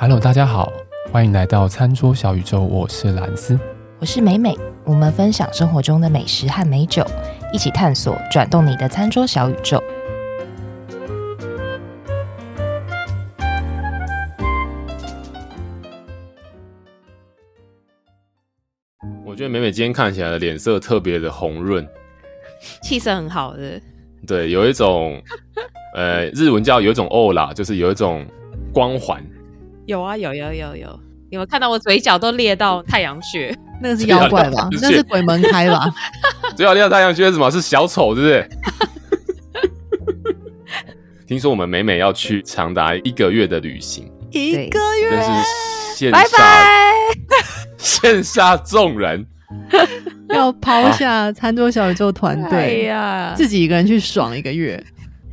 Hello，大家好，歡迎來到餐桌小宇宙。我是蘭斯，我是美美。我們分享生活中的美食和美酒，一起探索轉動你的餐桌小宇宙。我覺得美美今天看起來的臉色特別的紅潤，氣色很好的。的對，有一種呃，日文叫有一種 aura，就是有一種光環。有啊有有有有，有有看到我嘴角都裂到太陽穴？那個是妖怪吧？那是鬼門開吧？嘴角裂到太陽穴是什麼？是小丑是不是？對不對？聽說我們美美要去長達一個月的旅行，一個月真是現殺拜現殺眾人， 要拋下餐桌小宇宙團隊、 哎、呀，自己一個人去爽一個月，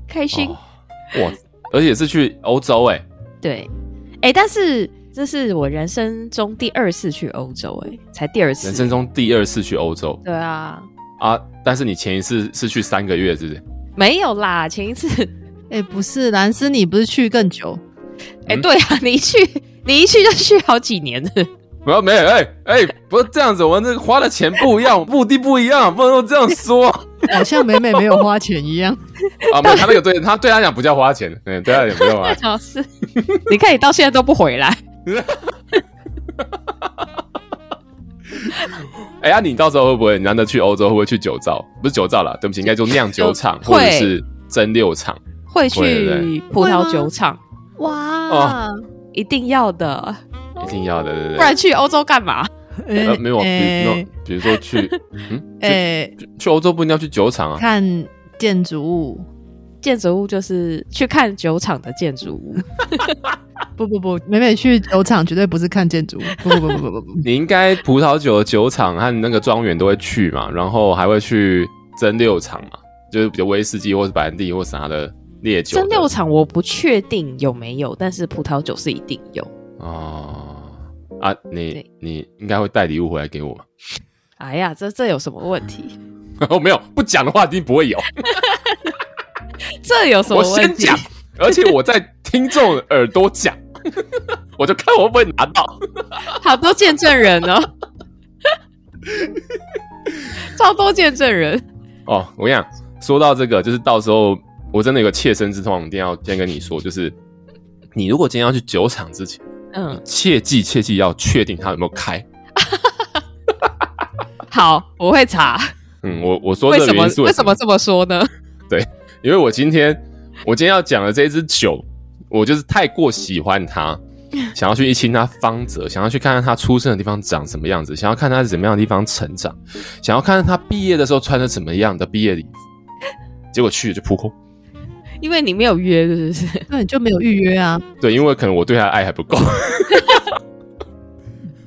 開心、哦、哇！而且是去歐洲哎、欸，對。哎、欸，但是這是我人生中第二次去歐洲、欸，哎，才第二次，人生中第二次去歐洲，對啊，啊，但是你前一次是去三個月，是不是？沒有啦，前一次，哎、欸，不是，蘭斯，你不是去更久？哎、欸，嗯、對啊，你一去，你一去就去好幾年呢。不要，沒有，哎哎、欸欸，不是這樣子，我們這個花的錢不一樣，目的不一樣， 不能這樣說。 好像美美沒有花錢一樣。 啊，沒有，他沒有對，他對他講不叫花錢，嗯，對他也不用啊。 你看你到現在都不回來。哈哈哈哈哈！哎呀，你到時候會不會？你難得去歐洲，會不會去酒造？不是酒造啦，對不起，應該就釀酒廠會或者是蒸餾廠。會去葡萄酒廠，嗎哦、哇，一定要的，一定要的，不然去歐洲幹嘛？呃，沒有啊，比比如，欸 no, 如說去，嗯，誒、欸，去歐洲不一定要去酒廠啊，看建築物，建築物就是去看酒廠的建築物。 不不不，每每去酒廠絕對不是看建築物，不不不不不不。 你應該葡萄酒的酒廠和那個莊園都會去嘛，然後還會去蒸餾廠嘛，就是比如威士忌或者白蘭地或啥的烈酒。蒸餾廠我不確定有沒有，但是葡萄酒是一定有哦。啊，你對你應該會帶禮物回來給我嗎？哎呀，這這有什麼問題？哦，沒有不講的話，一定不會有。這有什麼問題？我先講，而且我在聽眾耳朵講， 我就看我會不會拿到。 好多見證人哦 超多見證人。哦，oh, 我跟你講，說到這個，就是到時候我真的有個切身之痛，一定要先跟你說，就是你如果今天要去酒廠之前。嗯，切記切記，要確定它有沒有開？好，我會查。嗯，我我說為什麼為什麼這麼說呢？對，因為我今天我今天要講的這一支酒，我就是太過喜歡它，想要去一親它芳澤，想要去看看它出生的地方長什麼樣子，想要看它是怎麼樣的地方成長，想要看它畢業的時候穿的怎麼樣的畢業禮，結果去了就撲空。因為你沒有約，是不是？那 你就沒有預約啊？對，因為可能我對他的愛還不夠。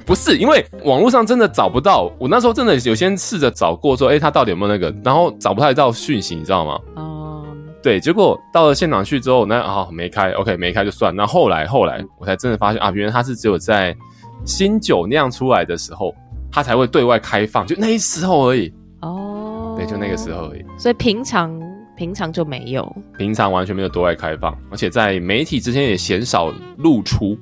不是，因為網絡上真的找不到。我那時候真的有先試着找過說，說、欸、哎，他到底有沒有那個？然後找不太到訊息，你知道嗎？哦。Oh. 對，結果到了現場去之後，那啊沒開，OK，沒開就算。那後來後來，後來我才真的發現啊，原來他是只有在新酒釀出來的時候，他才會對外開放，就那一時候而已。哦。Oh. 對，就那個時候而已。所以平常，平常就沒有，平常完全沒有對外開放，而且在媒體之間也鮮少露出。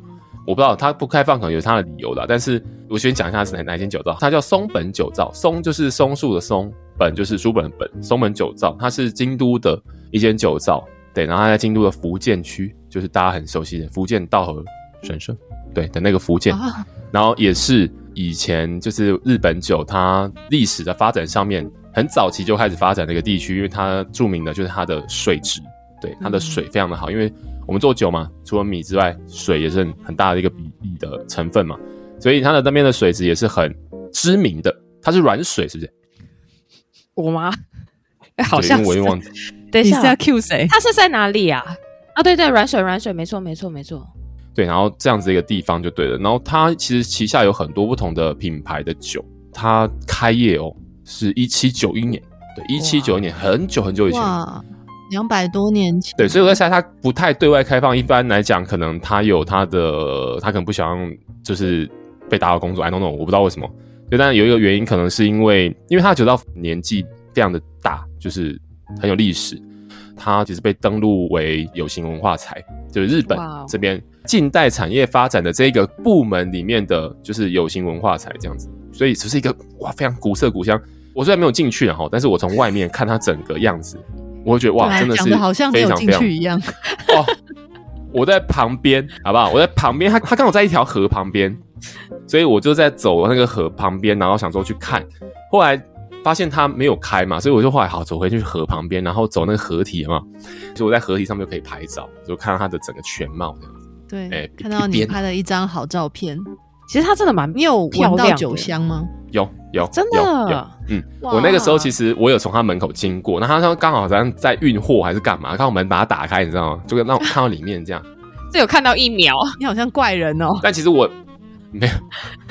我不知道他不開放可能有他的理由啦，但是我先講一下是哪哪一間酒造，它叫松本酒造，松就是松樹的松，本就是書本的本，松本酒造它是京都的一間酒造，對，然後它在京都的伏見區，就是大家很熟悉的伏見稻荷大社，對的那個伏見，啊、然後也是以前就是日本酒它歷史的發展上面。很早期就開始發展的一個地區，因為它著名的就是它的水質，對，它的水非常的好，嗯、因為我們做酒嘛，除了米之外，水也是很很大的一個比例的成分嘛，所以它的那邊的水質也是很知名的，它是軟水，是不是？我嗎？哎、欸，好像是我又忘記。等一下，Q 誰？是要誰它是在哪裡啊？啊，對對，對，軟水，軟水，沒錯，沒錯，沒錯。對，然後這樣子一個地方就對了，然後它其實旗下有很多不同的品牌的酒，它開業哦。是一七九一年，對，一七九一年，哇很久很久以前，啊兩百多年前。對，所以我在猜他不太對外開放。一般來講，可能他有他的，他可能不想就是被打擾工作。哎 I don't know，我不知道為什麼。對，但是有一個原因，可能是因為因為他覺得年紀非常的大，就是很有歷史。嗯它其實被登錄為有形文化財，就是日本這邊近代產業發展的這一個部門裡面的就是有形文化財這樣子，所以只是一個，哇，非常古色古香。我雖然沒有進去然後但是我從外面看它整個樣子，我覺得，哇，真的是非常，想得好像都有進去一樣，非常。哦，我在旁邊好不好？我在旁邊，它它剛好在一條河旁邊，所以我就在走那個河旁邊，然後想說去看，後來。發現它沒有開嘛，所以我就後來好走回去河旁邊，然後走那個河堤嘛，就我在河堤上面就可以拍照，就看到它的整個全貌這樣子。對，哎、欸，看到你拍了一張好照片。其實它真的蠻，妙的。有聞到酒香嗎？有有真的。有有有嗯，哇我那個時候，其實我有從他門口經過，那他剛好在在運貨還是幹嘛？看到門把它打開，你知道嗎？就讓我看到裡面這樣。這 有看到一秒， 你好像怪人哦。但其實我沒有。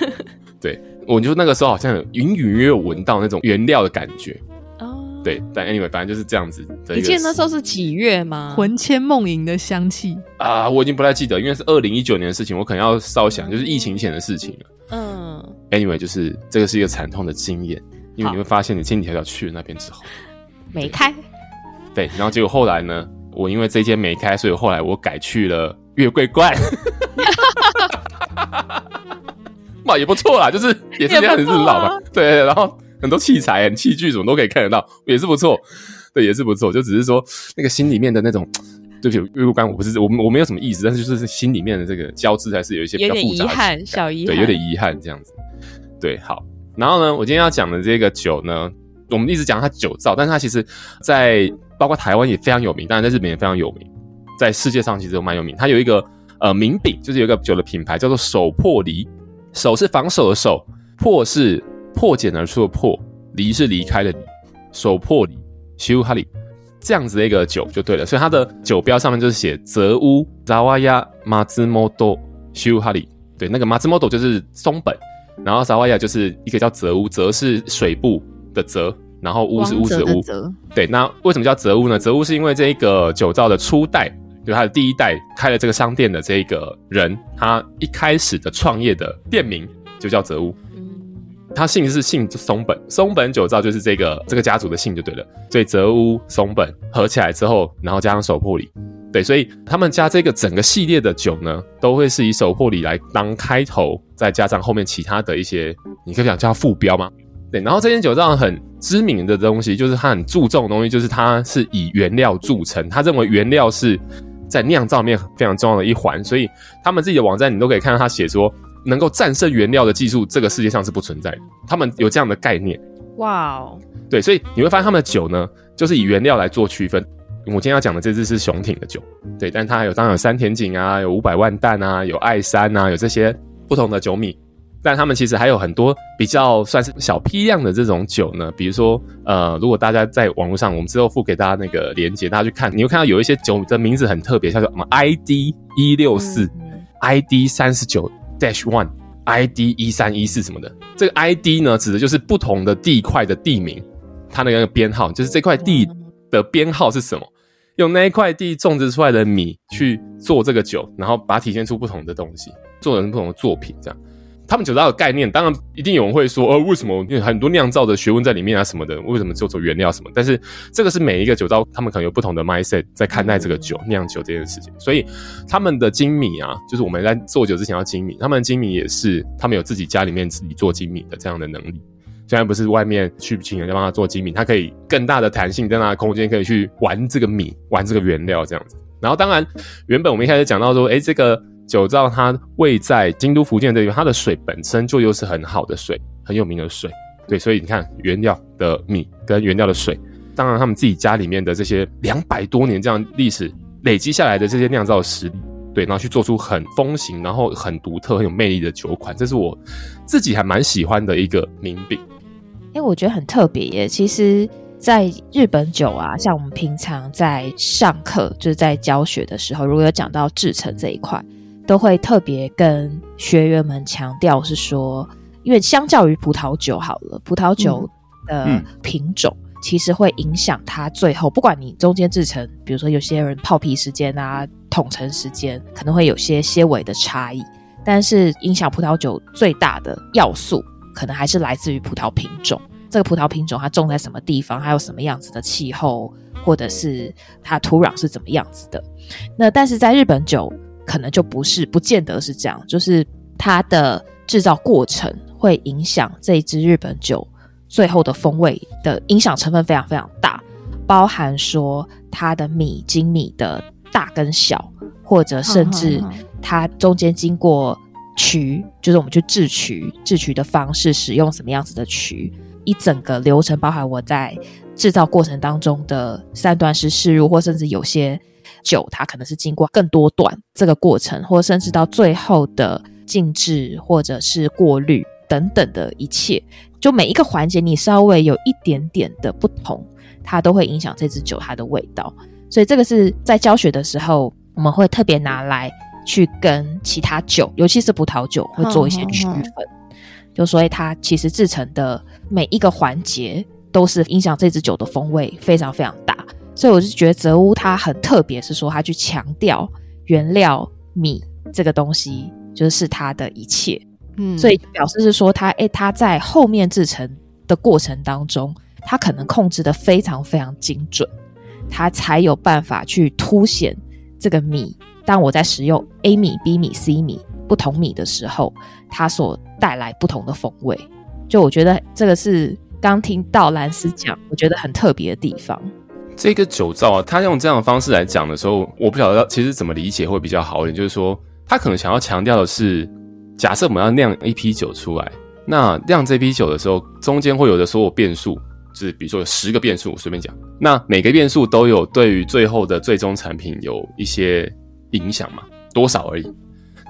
對。我就那個時候好像有隱隱約有聞到那種原料的感覺啊，oh. 對，但 anyway，反正就是這樣子的。你記得那時候是幾月嗎？魂牽夢縈的香氣啊，uh, 我已經不太記得，因為是二零一九年的事情，我可能要稍想，Okay. 就是疫情前的事情了。嗯、uh.，anyway，就是這個是一個慘痛的經驗，因為你會發現你千里迢迢去了那邊之後好對沒開，對，然後結果後來呢，我因為這間沒開，所以後來我改去了月桂冠。 嘛也不錯啦，就是也是這樣子是老嘛，啊、對，然後很多器材、很器具什麼都可以看得到，也是不錯，對，也是不錯，就只是說那個心裡面的那種，對不起，外觀我不是，我我沒有什麼意思，但是就是心裡面的這個交織還是有一些比較複雜的，有點遺憾，小遺憾，對，有點遺憾這樣子，對，好，然後呢，我今天要講的這個酒呢，我們一直講它酒造，但是它其實，在包括台灣也非常有名，當然在日本也非常有名，在世界上其實蠻有名，它有一個呃名餅，就是有一個酒的品牌叫做守破離，守是防守的守，破是破繭而出的破，離是離開的離，守破離，修哈里，這樣子的一個酒就對了。所以它的酒標上面就是寫澤屋沙哇亞馬茲摩多修哈里。對，那個馬茲摩多就是松本，然後沙哇亞就是一個叫澤屋，澤是水部的澤，然後屋是屋子的屋。澤，對，那為什麼叫澤屋呢？澤屋是因為這個酒造的初代，就他的第一代開了這個商店的這個人，他一開始的創業的店名就叫澤屋，他姓是姓松本，松本酒造就是這個這個家族的姓就對了，所以澤屋松本合起來之後，然後加上守破離，對，所以他們家這個整個系列的酒呢，都會是以守破離來當開頭，再加上後面其他的一些，你可以想叫它副標嗎？對，然後這間酒造很知名的東西就是它很注重的東西，就是它是以原料著稱，他認為原料是。在釀造面非常重要的一環，所以他們自己的網站你都可以看到他寫說，能夠戰勝原料的技術，這個世界上是不存在的。他們有這樣的概念，哇哦 Wow，對，所以你會發現他們的酒呢，就是以原料來做區分。我今天要講的這支是雄町的酒，對，但它還有當然有山田錦啊，有五百萬石啊，有愛山啊，有這些不同的酒米。但他們其實還有很多比較算是小批量的這種酒呢，比如說，呃，如果大家在網絡上，我們之後付給大家那個鏈接，大家去看，你會看到有一些酒的名字很特別，叫做什麼 ID 一六四、ID 三十九 -Dash One、ID 一三一四什麼的。這個 ID 呢，指的就是不同的地塊的地名，它那個編號，就是這塊地的編號是什麼，用那一塊地種植出來的米去做這個酒，然後把它體現出不同的東西，做成不同的作品，這樣。他們酒造的概念，當然一定有人會說，呃，為什麼有很多釀造的學問在裡面啊，什麼的？為什麼就做原料什麼？但是這個是每一個酒造，他們可能有不同的 mindset 在看待這個酒釀酒這件事情。所以他們的精米啊，就是我們在做酒之前要精米，他們的精米也是他們有自己家裡面自己做精米的這樣的能力，雖然不是外面去請人家幫他做精米，他可以更大的彈性、更大的空間，可以去玩這個米、玩這個原料這樣子。然後當然，原本我們一開始講到說，誒、欸，這個。酒造它位在京都伏見這邊，它的水本身就又是很好的水，很有名的水。對，所以你看原料的米跟原料的水，當然他們自己家裡面的這些兩百多年這樣歷史累積下來的這些釀造實力，對，然後去做出很風行，然後很獨特、很有魅力的酒款，這是我自己還蠻喜歡的一個名品。因為我覺得很特別耶！其實，在日本酒啊，像我們平常在上課，就是在教學的時候，如果有講到製成這一塊。都會特別跟學員們強調，是說，因為相較於葡萄酒，好了，葡萄酒的品種其實會影響它最後，不管你中間製成，比如說有些人泡皮時間啊，桶陳時間，可能會有些些微的差異。但是影響葡萄酒最大的要素，可能還是來自於葡萄品種。這個葡萄品種它種在什麼地方，還有什麼樣子的氣候，或者是它土壤是怎麼樣子的。那但是在日本酒，可能就不是，不見得是這樣。就是它的制造過程會影響這一支日本酒最後的風味的影響成分非常非常大，包含說它的米精米的大跟小，或者甚至它中間經過曲，好好好就是我們去制曲，制曲的方式使用什麼樣子的曲，一整個流程包含我在制造過程當中的三段式仕入，或甚至有些。酒它可能是經過更多段這個過程，或甚至到最後的靜置或者是過濾等等的一切，就每一個環節你稍微有一點點的不同，它都會影響這支酒它的味道。所以這個是在教學的時候，我們會特別拿來去跟其他酒，尤其是葡萄酒，會做一些區分。呵呵呵，就所以它其實製程的每一個環節都是影響這支酒的風味非常非常大。所以我就覺得澤屋他很特別，是說他去強調原料米這個東西就是他的一切，嗯，所以表示是說他，誒，他在後面制成的過程當中，他可能控制的非常非常精準，他才有辦法去凸顯這個米。當我在使用 A 米、B 米、C 米不同米的時候，它所帶來不同的風味，就我覺得這個是剛聽到蘭斯講，我覺得很特別的地方。這個酒造啊，他用這樣的方式來講的時候，我不曉得其實怎麼理解會比較好一點。就是說，他可能想要強調的是，假設我們要釀一批酒出來，那釀這批酒的時候，中間會有的所有變數，就是比如說有十個變數，我隨便講。那每個變數都有對於最後的最終產品有一些影響嘛，多少而已。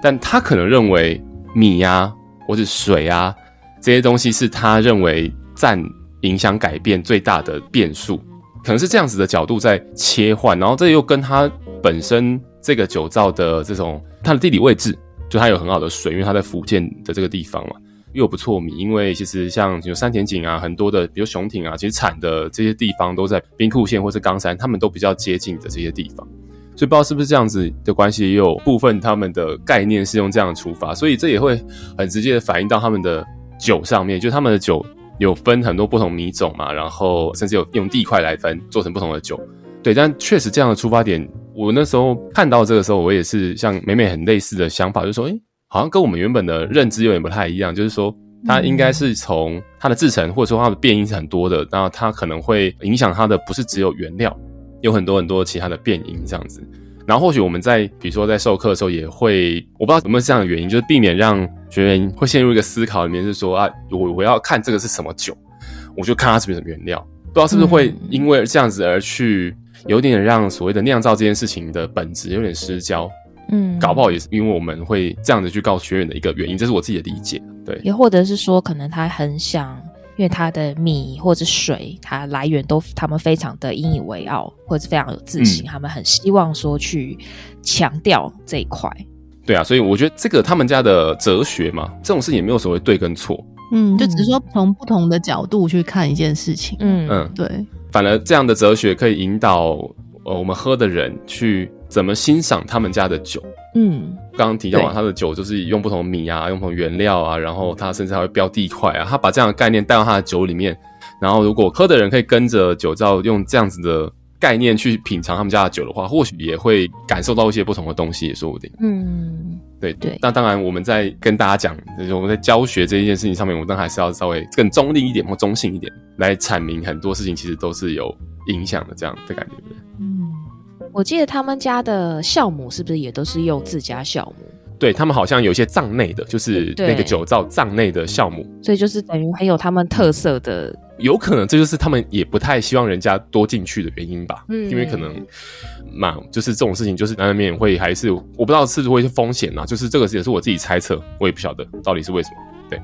但他可能認為米啊或者水啊這些東西是他認為占影響改變最大的變數。可能是這樣子的角度在切換，然後這又跟他本身這個酒造的這種它的地理位置，就它有很好的水，因為它在伏見的這個地方嘛，又不錯米，因為其實像有山田錦啊，很多的比如雄町啊，其實產的這些地方都在兵庫縣或是岡山，他們都比較接近的這些地方，所以不知道是不是這樣子的關係，也有部分他們的概念是用這樣的出發，所以這也會很直接的反映到他們的酒上面，就他們的酒。有分很多不同米種嘛，然後甚至有用地塊來分，做成不同的酒。對，但確實這樣的出發點，我那時候看到這個時候，我也是像美美很類似的想法，就是說，哎、欸，好像跟我們原本的認知有點不太一樣，就是說，它應該是從它的制程或者說它的變因是很多的，那它可能會影響它的，不是只有原料，有很多很多其他的變因這樣子。然後或許我們在比如說在授課的時候也會，我不知道有沒有這樣的原因，就是避免讓學員會陷入一個思考裡面，是說啊，我我要看這個是什麼酒，我就看它是什麼原料，不知道是不是會因為這樣子而去有點讓所謂的釀造這件事情的本質有點失焦，嗯，搞不好也是因為我們會這樣子去告訴學員的一個原因，這是我自己的理解，對，也或者是說可能他很想。因為它的米或者水，它來源都他們非常的引以為傲，或者是非常有自信，嗯、他們很希望說去強調這一塊。對啊，所以我覺得這個他們家的哲學嘛，這種事情也沒有所謂對跟錯。嗯，就只是說從不同的角度去看一件事情。嗯嗯，對。反而這樣的哲學可以引導呃我們喝的人去。怎麼欣賞他們家的酒？嗯，剛剛提到啊，對他的酒就是用不同米啊，用不同原料啊，然後他甚至還會標地塊啊，他把這樣的概念帶到他的酒裡面。然後，如果喝的人可以跟着酒造用這樣子的概念去品嘗他們家的酒的話，或許也會感受到一些不同的東西，也說不定。嗯，對對。對那當然，我們在跟大家講，就是，我們在教學這一件事情上面，我們當然還是要稍微更中立一點，或中性一點，來闡明很多事情其實都是有影響的這樣的感覺，對？嗯我記得他們家的酵母是不是也都是用自家酵母？對他們好像有一些藏內的，就是那個酒造藏內的酵母，所以就是等於很有他們特色的，嗯。有可能這就是他們也不太希望人家多進去的原因吧。嗯，因為可能嘛，就是這種事情就是難免會還是我不知道是不是會是風險啦、啊。就是這個也是我自己猜測，我也不曉得到底是為什麼。對，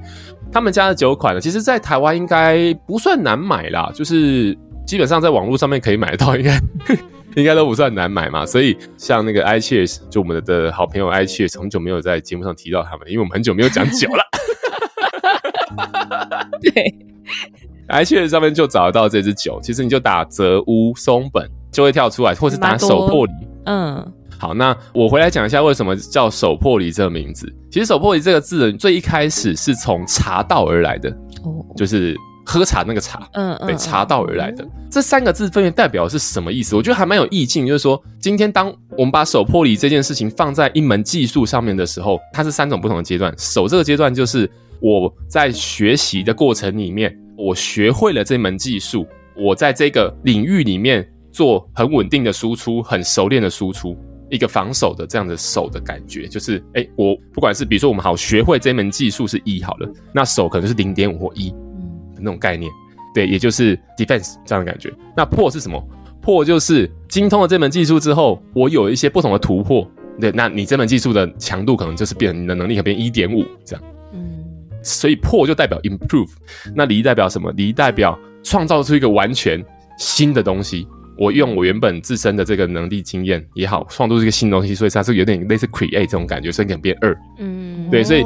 他們家的酒款呢，其實，在台灣應該不算難買啦，就是基本上在網絡上面可以買得到，應該。 應該都不算難買嘛，所以像那個 I cheers 就我們的好朋友 I cheers，很久沒有在節目上提到他們，因為我們很久沒有講酒了。對，I cheers 上面就找到這支酒，其實你就打澤屋松本就會跳出來，或是打守破離，嗯，好，那我回來講一下為什麼叫守破離這個名字。其實守破離這個字最一開始是從茶道而來的，就是。喝茶那個茶，嗯被，對，茶道而來的。這三個字分別代表的是什麼意思？我覺得還蠻有意境，就是說今天當我們把守破離這件事情放在一門技術上面的時候，它是三種不同的階段。守這個階段就是我在學習的過程裡面，我學會了這門技術，我在這個領域裡面做很穩定的輸出，很熟練的輸出，一個防守的這樣的守的感覺，就是哎，我不管是比如說我們好學會這門技術是一好了，那守可能是零點五或一。那種概念，對，也就是 defense 這樣的感覺。那破是什麼？破就是精通了這門技術之後，我有一些不同的突破。對，那你這門技術的強度可能就是變，你的能力可能變一點五這樣。嗯，所以破就代表 improve。那離代表什麼？離代表創造出一個完全新的東西。我用我原本自身的這個能力經驗也好，創造出一個新東西，所以它是有點類似 create 這種感覺，所以可能變二。嗯，對，所以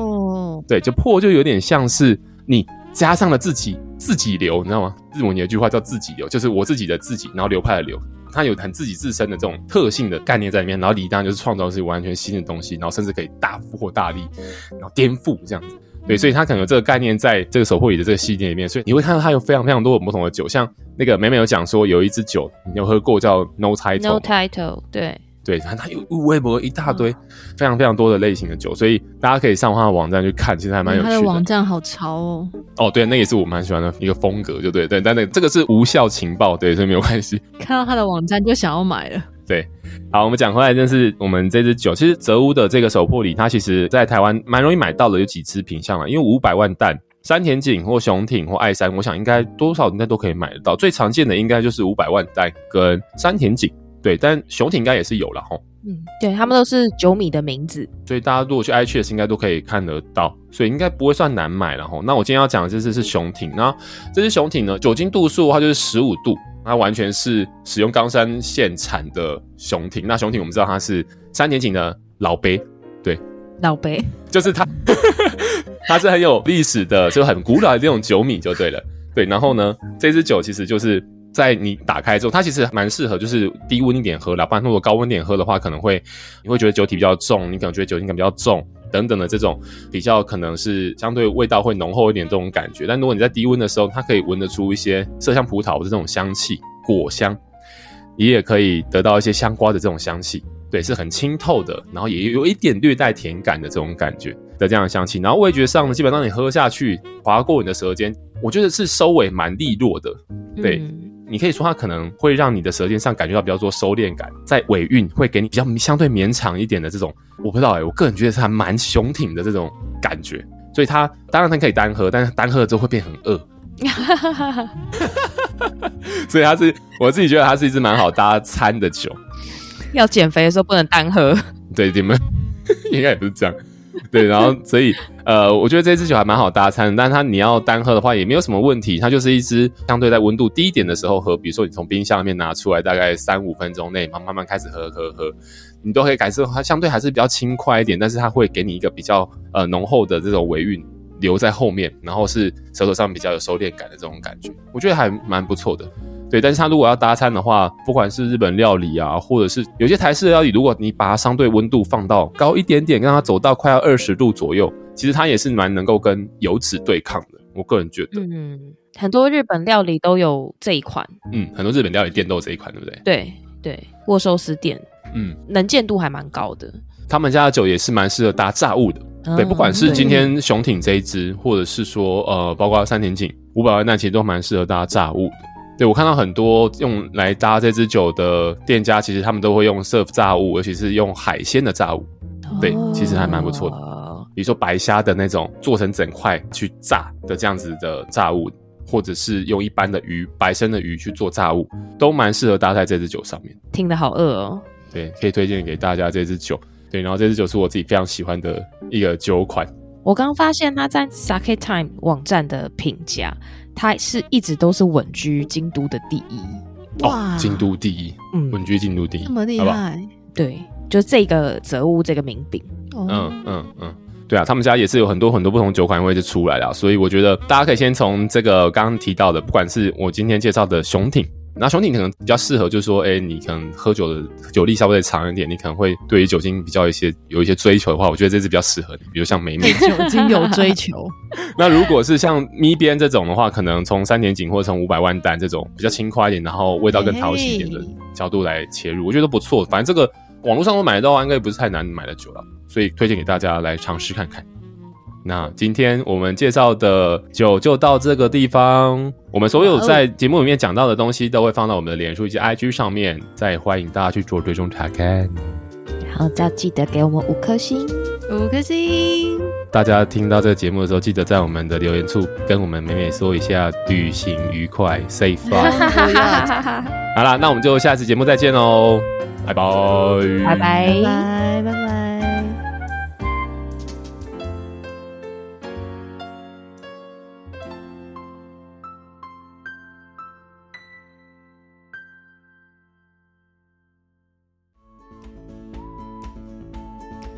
對，就破就有點像是你。加上了自己，自己流，你知道嗎？日文有一句話叫“自己流”，就是我自己的自己，然後流派的流，它有很自己自身的這種特性的概念在裡面。然後，離當然就是創造一些完全新的東西，然後甚至可以大破或大立，然後顛覆這樣子。對，所以它可能有這個概念在這個守破離的這個系列裡面。所以你會看到它有非常非常多不同的酒，像那個美美有講說有一支酒你有喝過叫 No Title，No Title，對。對，他有微博一大堆，非常非常多的類型的酒，所以大家可以上他的網站去看，其實還蠻有趣的，嗯。他的網站好潮哦！哦，對，那也是我蠻喜歡的一個風格，就對對。但那這個是無效情報，對，所以沒有關係。看到他的網站就想要買了。對，好，我們講回來，就是我們這支酒，其實澤屋的這個守破離，它其實在台灣蠻容易買到的，有幾支品項啊。因為五百萬石、山田錦或雄町或愛山，我想應該多少應該都可以買得到。最常見的應該就是五百萬石跟山田錦。對，但雄町應該也是有了吼。嗯，對，他們都是酒米的名字，所以大家如果去 i 去 s 應該都可以看得到，所以應該不會算難買了吼。那我今天要講的這支是雄町，那這支雄町呢，酒精度數它就是十五度，它完全是使用岡山縣產的雄町。那雄町我們知道它是三年前的老杯，對，老杯卑就是它， 它是很有歷史的，就是很古老的這種酒米就對了。對，然後呢，這支酒其實就是。在你打開之後，它其實蠻適合，就是低溫一點喝啦。不然如果高溫點喝的話，可能會你會覺得酒體比較重，你可能覺得酒精感比較重等等的這種比較，可能是相對味道會濃厚一點這種感覺。但如果你在低溫的時候，它可以聞得出一些麝香葡萄的這種香氣、果香，你也可以得到一些香瓜的這種香氣，對，是很清透的，然後也有一點略帶甜感的這種感覺的這樣的香氣。然後味覺上呢，基本上你喝下去劃過你的舌尖，我覺得是收尾蠻利落的，對。嗯你可以說它可能會讓你的舌尖上感覺到比較多收斂感，在尾韻會給你比較相對綿長一點的這種，我不知道哎、欸，我個人覺得是還蠻雄挺的這種感覺，所以它當然它可以單喝，但是單喝了之後會變很餓， 所以它是我自己覺得它是一支蠻好搭餐的酒，要減肥的時候不能單喝， 對，你們應該也是這樣。 對，然後所以呃，我覺得這支酒還蠻好搭餐，但它你要單喝的話也沒有什麼問題，它就是一支相對在溫度低一點的時候喝，比如說你從冰箱裡面拿出來，大概三五分鐘內，慢慢慢開始喝喝喝，你都可以感受它相對還是比較輕快一點，但是它會給你一個比較呃濃厚的這種尾韻留在後面，然後是舌頭上比較有收斂感的這種感覺，我覺得還蠻不錯的。對，但是它如果要搭餐的話，不管是日本料理啊，或者是有些台式的料理，如果你把它相對溫度放到高一點點，讓它走到快要二十度左右，其實它也是蠻能夠跟油脂對抗的。我個人覺得，嗯，很多日本料理都有這一款，嗯，很多日本料理店都有這一款，對不對？對對，握壽司店，嗯，能見度還蠻高的。他們家的酒也是蠻適合搭炸物的，嗯、對，不管是今天雄町這一支，嗯、或者是說呃，包括山田錦五百萬代，其實都蠻適合搭炸物對，我看到很多用來搭這支酒的店家，其實他們都會用 serve 炸物，尤其是用海鮮的炸物。對，其實還蠻不錯的。哦、比如說白蝦的那種做成整塊去炸的這樣子的炸物，或者是用一般的魚、白身的魚去做炸物，都蠻適合搭在這支酒上面。聽得好餓哦。對，可以推薦給大家這支酒。對，然後這支酒是我自己非常喜歡的一個酒款。我剛發現它在 Sake Time 網站的評價。它是一直都是穩居京都的第一，哦、哇！京都第一，嗯，穩居京都第一，這麼厲害，吧對，就是這個澤屋這個名品、嗯，嗯嗯嗯，對啊，他們家也是有很多很多不同的酒款位置出來了。所以我覺得大家可以先從這個剛剛提到的，不管是我今天介紹的雄町。那雄町，你可能比較適合，就是說，哎、欸，你可能喝酒的酒力稍微長一點，你可能會對於酒精比較一些有一些追求的話，我覺得這支比較適合你。比如像美美， 酒精有追求。 那如果是像咪編這種的話，可能從三點井或者從五百萬石這種比較輕快一點，然後味道更討喜一點的角度來切入，嘿嘿，我覺得都不錯。反正這個網絡上都買得到，應該也不是太難買的酒了，所以推薦給大家來嘗試看看。那今天我們介紹的酒就到這個地方。我們所有在節目裡面講到的東西都會放到我們的臉書以及 IG 上面，再歡迎大家去做追蹤查看。然後再記得給我們五顆星，五顆星。大家聽到這個節目的時候，記得在我們的留言處跟我們美美說一下，旅行愉快，safe。 好啦，那我們就下一次節目再見嘍，拜拜，拜拜，拜拜。